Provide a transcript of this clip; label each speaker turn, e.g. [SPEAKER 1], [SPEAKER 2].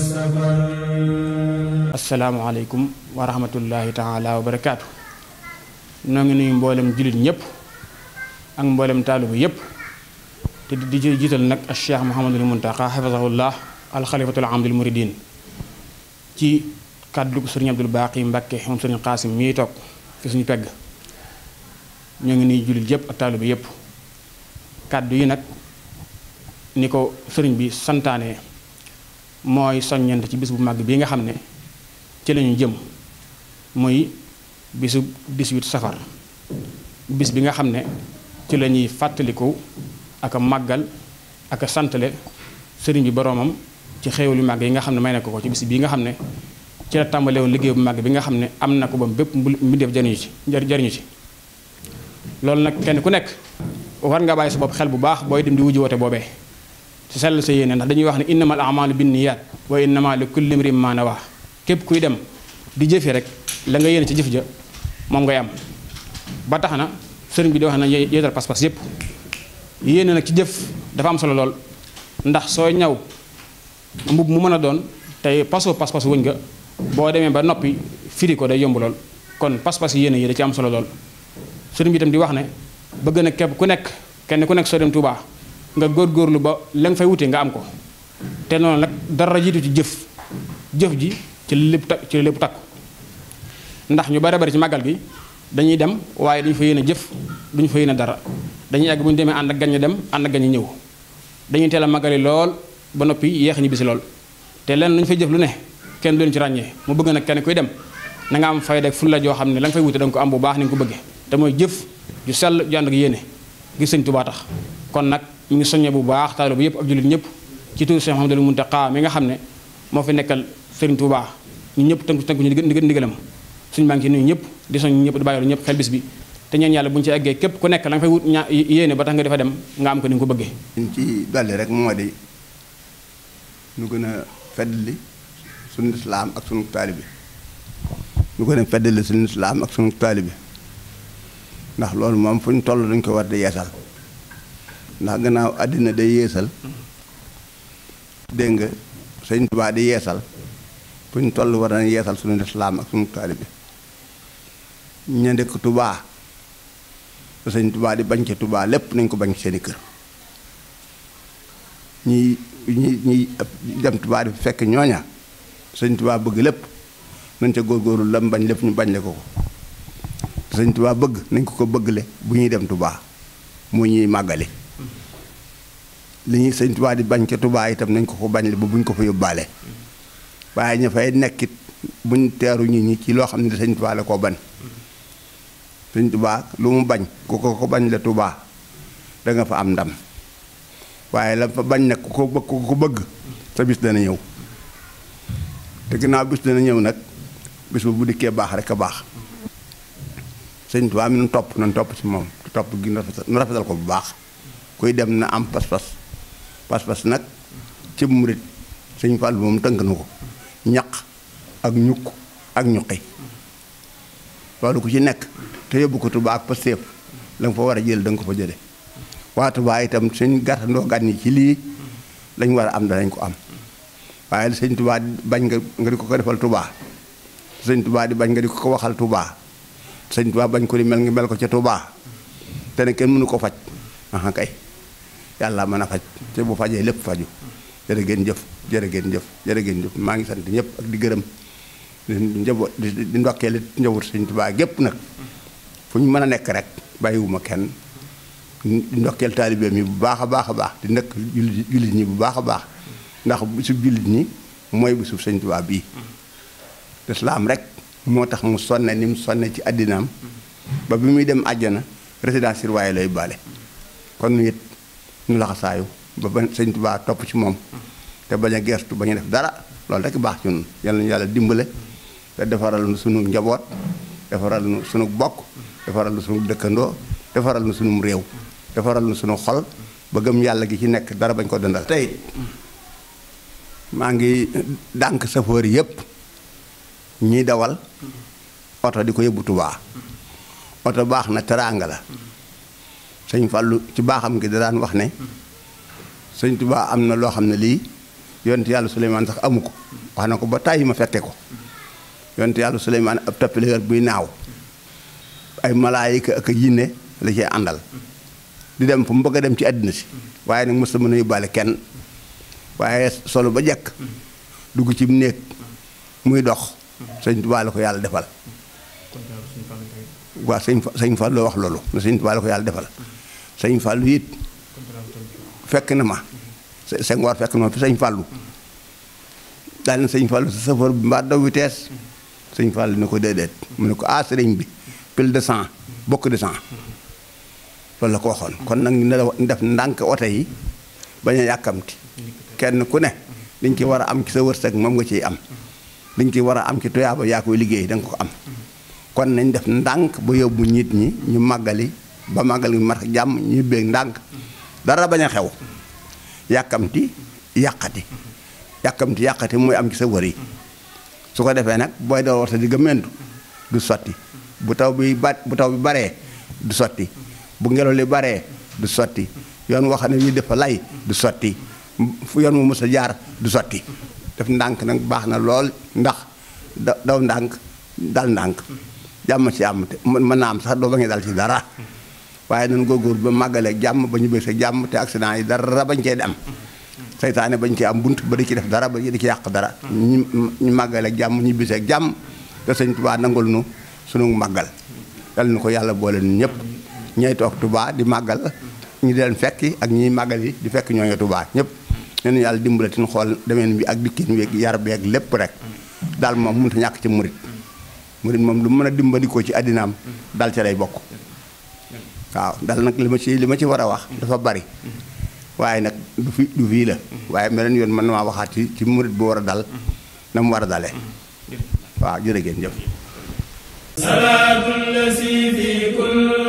[SPEAKER 1] safar asalaamaaleykum wa rahmatullahi taala wa barakaatu ngi nuyu mboolem jullit ñëpp ak mboolem taalibu yëpp te di ci jiital nag ak cheikh Mouhamadul Muntaqa xafisahullah alxalifatul amdul muridin ci kàddu sëriñ Abdul Baaqi Mbàkke moom sëriñ Xaasim mii toog fi suñu pegg ñoo ngi nuyu jullit yëpp ak taalibu yëpp kàddu yi nag ni ko sëriñ bi santaane. mooy soññante ci bis bu mag bi nga xam ne ci lañu jëm muy bisu 18 safar bis bi nga xam ne ci la ñuy fàttaliku ak a màggal ak a santale sëriñ bi boroomam ci xéewal yu màgg yi nga xam ne may na ko ci bis bi nga xam ne ci la tàmbale liggéey bu màgg bi nga xam ne am na ko ba bépp mu def jariñu ci jariñu ci loolu nag kenn ku nekk war nga bàyyi sa bopp xel bu baax booy dem di wujji woote boobee ci sel sa yene ndax dañuy wax ne innamal amalu binniyat wa innama li kulli imrin ma nawa kep kuy dem di jëfe rek la nga yene ci jëf ja mom ngay am ba taxna serigne bi di wax na yeter pas-pas yépp yene nak ci jëf dafa am solo lol ndax sooy ñaw mu mu mën doon pas-pas wëñ nga bo demee ba nopi firi ko day yomb lol kon pas-pas yene yi da ci am solo lol serigne bi tam di wax ne bëgg na kep ku nek kenn ku nek dem nga gor gor lu ba la fay wuté nga am ko té non nak dara jiitu ci jëf jëf ji ci lepp tak ci lepp tak ndax ñu bari bari ci magal bi dañuy dem waye dañu fa yéne jëf duñ fa yéne dara dañuy yag buñ démé and ak gañu dem and ak gañu ñëw dañuy téla magali lool ba nopi yéex ñu bisi lool té lén luñ ñu fay jëf lu né kenn duñ ci ragné mu bëgg nak kenn kuy dem na nga am fay ak fulla joo xam ne la fay wuté da ko am bu baax ni ko bëggé té moy jëf ju sel ju and ak yéne gi señ tuba tax kon nak ñu ngi soññe bu baax taalo bu yëpp ab jullit ñëpp ci tur Cheikh Mouhamadoul Mountakha mi nga xam ne moo fi nekkal Serigne Touba ñu ñëpp tënku tënku ñu ndigal ndigalam suñu maa ngi ci nuyu ñëpp di soñ ñëpp di bàyyi ñëpp xel bis bi te ñaan yàlla bu ñu ci eggee ku nekk la nga wut ña yéene ba tax nga defa dem nga am ko ni nga ko bëggee
[SPEAKER 2] ci dolli rek moo di gën a feddali suñu islaam ak suñu taalibi ñu gën a feddali suñu islaam ak suñu taalibi ndax loolu moom fu ñu toll dañ ko war di yeesal ndax gannaaw àddina day yéesal dégg nga sëñ Tuubaa di yeesal fu ñu toll war nañ yeesal des laam ak suñu taalibe ña dëkk tubaa sëñ tubaa di bañ ca tubaa lépp nañ ko bañ seen i kër ñi ñi ñi dem Tuubaa di fekk ñooña sëñ tubaa bëgg lépp nañ ca góorgóorlu lam bañ lépp ñu bañ le ko ko sëñ tubaa bëgg nañ ko ko bëggle bu ñuy dem Tuubaa moo ñuy màggale li ñuy sëñ Tuubaa di bañ ca Tuubaa itam nañ ko ko bañ li ba buñ ko fa yóbbaale waaye ña fay nekkit buñ teeru nit ñi ci loo xam ne sëñ Tuubaa la koo bañ sëñ Tuubaa lu mu bañ ku ko ko bañ la Tuubaa danga fa am ndam waaye la fa bañ nag ku ko bëgg ku ko bëgg sa bis dana ñëw te ginnaaw bis dana ñëw nag bis bu bu dikkee baax rek a baax sëñ Tuubaa mi nu topp nañ topp si moom topp gi nu rafetal ko bu baax kuy dem na am pas-pas pas-pas nag ci murit sëñ Fall moom tënk na ko ñaq ak ñukk ak ñuqi loolu ku ci nekk te yóbbu ko Tuubaa ak pasteef la fa war a jël danga nga ko fa jële waa Tuubaa itam suñ gàttandoo gan yi ci lii lañ war a am danañ ko am waaye sëñ tubaa bañ nga nga di ko ko defal Tuubaa sëñ tubaa di bañ nga di ko ko waxal Tuubaa sëñ Tuubaa bañ ko di mel ngi mel ko ca Tuubaa te ne kenn mënu ko faj aha kay yàlla mën a faj te bu fajee lépp faju jërë ngeen jëf jërë ngeen jëf jërë ngeen jëf maa ngi sant ñëpp ak di gërëm di njaboot di ndokkeel it njabootu Sëñ Tuubaa gépp nag fu ñu mën a nekk rek bàyyiwuma kenn di ndokkeel taalibeem yi bu baax a baax a baax di nekk jullit ñi bu baax a baax ndax bisu jullit ñi mooy bisu Sëñ Tuubaa bii lislaam rek moo tax mu sonne ni mu sonne ci àddinaam ba bi muy dem àjjana résidence surveillée lay bale kon it ñu laxasaayu ba ba sëñ Tuubaa topp ci moom te bañ a gestu bañ a def dara loolu rek baax ci ñun yal yàlla dimbale te defaral nu sunu njaboot defaral nu sunu bokk defaral nu sunu dëkkandoo defaral nu sunu réew defaral nu suñu xol ba yàlla gi ci nekk dara bañ ko dëndal tey maa ngi dànk safoor yépp ñiy dawal oto di ko yóbbu Tuubaa oto baax na teraanga la sëñ Fàllu ci baaxam gi da daan wax ne sëñ Tuubaa am na loo xam ne lii yonent yàlla Suleymaan sax amu ko wax na ko ba tàyyi ma fekke ko yonent yàlla Suleymaan ab tappaleer buy naaw ay malaayika ak yinne la cee àndal di dem fu mu bëgg a dem ci àddina si waaye nag mos a mën a yóbbaale kenn waaye solo ba jekk dugg ci néeg muy dox sëñ Tuubaa ko yàlla defal waaw sëñ sëñ Fàllu wax loolu na sëñ Tuubaa ko yàlla defal sëñ Fallou it fekk na ma Senghor fekk na ma fi sëñ Fallou daal na sëñ Fallou sa bu bi mbaa daw vitesse sëñ Fallou ne ko déedéet mu ne ko ah sëriñ bi pile de cent bokk de cent loolu la ko waxoon kon nag ñu def ndànk oto yi bañ a yàkkamti kenn ku ne liñ ci war a am ci sa wërsëg moom nga ciy am liñ ci war a am ci tuyaaba yaa koy liggéey da ko am kon nañ def ndànk ba yóbbu nit ñi ñu màggali ba magal gi mat jam jàmm ñibbeeg ndànk dara baña xew yakamti yakati yakamti yakati moy am ci sa wori su ko defee nak boy do wota di gëmmentu du soti bu taw bi bat bu taw bi baré du soti bu ngelo li baré du soti yoon wax ne wi dafa lay du soti fu yoon mu musa jaar du soti def ndank nak baax na lool ndax daw ndank dal ndank jam ci am mën naa am sax do ba dal ci dara waaye nan góorgóor ba màggale jàmm ba ñu bésee jàmm te accident yi dara bañ cee am seytaane bañ cee am bunt ba di ci def dara ba di ci yàq dara ñu ñu màggale jàmm ñu bisee jàmm te sëñ tubaa nangul nu sunu màggal dal nu ko yàlla boole nu ñëpp ñay toog tubaa di màggal ñu di leen fekki ak ñiy màggal yi di fekk ñooñu tubaa ñëpp nenu yàlla dimbale tin xool demeen bi ak dikkin weeg yar beeg lépp rek daal moom mënut a ñàkk ci murit murit moom lu mën a dimbali ko ci àddinaam dal ca lay bokk waaw dal nag li ma ci li ma ci war a wax dafa bari waaye nag du fi du fii la waaye meneen yoon mën maa waxaat ci ci murit bu war a dal na mu war a dalee waaw jërë ngeen jëf
[SPEAKER 1] salaatu lasi fi kulli